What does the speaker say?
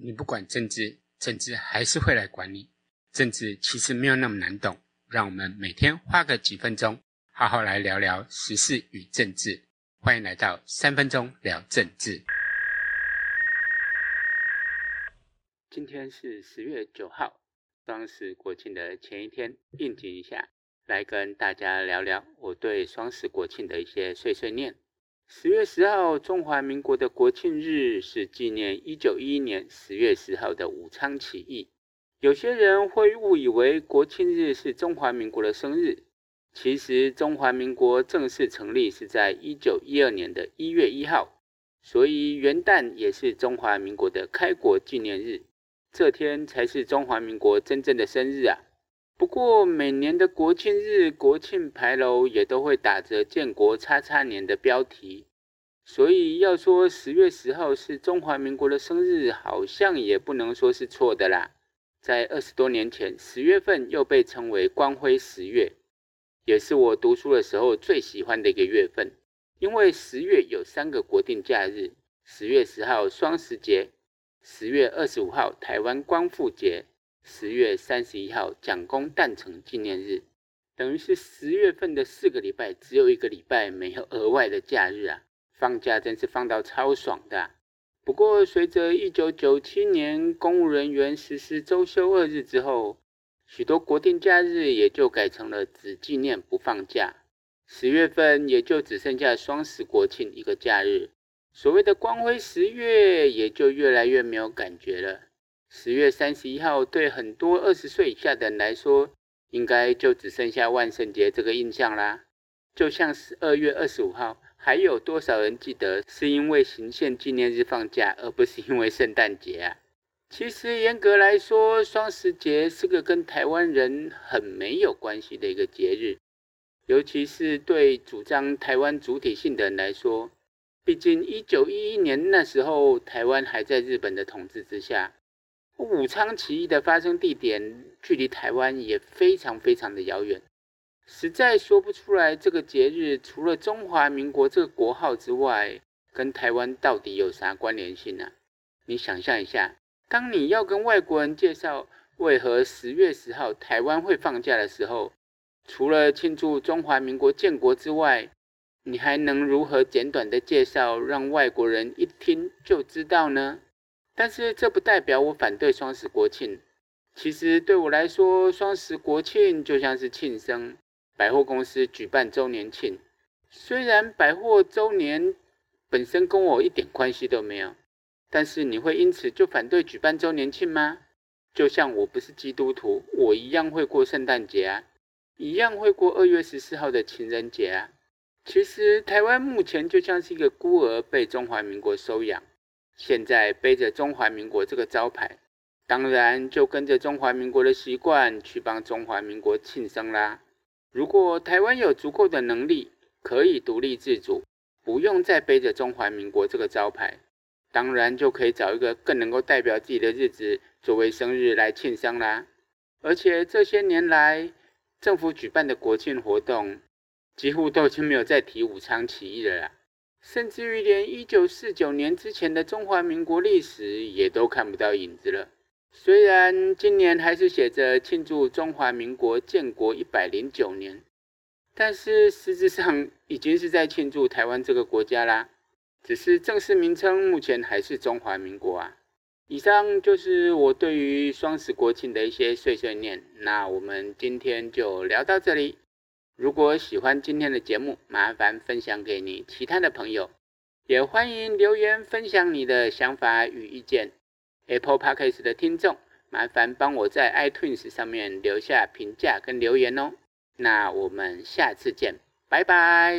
你不管政治，政治還是會來管你。政治其實沒有那麼難懂，讓我們每天花個幾分鐘，好好來聊聊時事與政治。歡迎來到三分鐘聊政治。今天是十月九號，雙十國慶的前一天，應景一下，來跟大家聊聊我對雙十國慶的一些碎碎念。十月十號，中華民國的國慶日是紀念一九一一年十月十號的武昌起義。有些人會誤以為國慶日是中華民國的生日，其實中華民國正式成立是在一九一二年的一月一號，所以元旦也是中華民國的開國紀念日，這天才是中華民國真正的生日啊！不過每年的國慶日，國慶牌樓也都會打着“建國叉叉年”的標題，所以要說十月十號是中華民國的生日，好像也不能說是錯的啦。在二十多年前，十月份又被稱為“光輝十月”，也是我讀書的時候最喜歡的一個月份，因為十月有三個國定假日：十月十號雙十節，十月二十五號台灣光復節。十月三十一號蔣公誕辰紀念日，等於是十月份的四個禮拜只有一個禮拜沒有額外的假日啊，放假真是放到超爽的啊。不過隨着一九九七年公務人員實施周休二日之後，許多國定假日也就改成了只紀念不放假，十月份也就只剩下雙十國慶一個假日，所謂的光輝十月也就越來越沒有感覺了。十月三十一號，對很多二十歲以下的人來說，應該就只剩下萬聖節這個印象啦。就像十二月二十五號，還有多少人記得是因為行憲紀念日放假，而不是因為聖誕節啊？其實嚴格來說，雙十節是個跟台灣人很沒有關係的一個節日，尤其是對主張台灣主體性的人來說，畢竟一九一一年那時候，台灣還在日本的統治之下。武昌起義的發生地點距離台灣也非常非常的遙遠，實在說不出來這個節日，除了中華民國這個國號之外，跟台灣到底有啥關聯性呢、啊？你想象一下，當你要跟外國人介紹為何十月十號台灣會放假的時候，除了慶祝中華民國建國之外，你還能如何簡短的介紹讓外國人一聽就知道呢？但是這不代表我反對雙十國慶。其實對我來說，雙十國慶就像是慶生，百貨公司舉辦周年慶。雖然百貨周年本身跟我一點關係都沒有，但是你會因此就反對舉辦周年慶嗎？就像我不是基督徒，我一樣會過聖誕節啊，一樣會過二月十四號的情人節啊。其實台灣目前就像是一個孤兒，被中華民國收養。現在背着中華民國這個招牌，當然就跟着中華民國的習慣去幫中華民國慶生啦。如果台灣有足夠的能力，可以獨立自主，不用再背着中華民國這個招牌，當然就可以找一個更能夠代表自己的日子作為生日來慶生啦。而且這些年來，政府舉辦的國慶活動，幾乎都是沒有再提武昌起義了啦。甚至於連一九四九年之前的中華民國歷史也都看不到影子了。雖然今年還是寫着慶祝中華民國建國一百零九年，但是實質上已經是在慶祝台灣這個國家啦。只是正式名稱目前還是中華民國啊。以上就是我對於雙十國慶的一些碎碎念。那我們今天就聊到這裡。如果喜歡今天的節目，麻煩分享給你其他的朋友，也歡迎留言分享你的想法與意見。Apple Podcast 的聽眾，麻煩幫我在 iTunes 上面留下評價跟留言哦。那我們下次見，拜拜。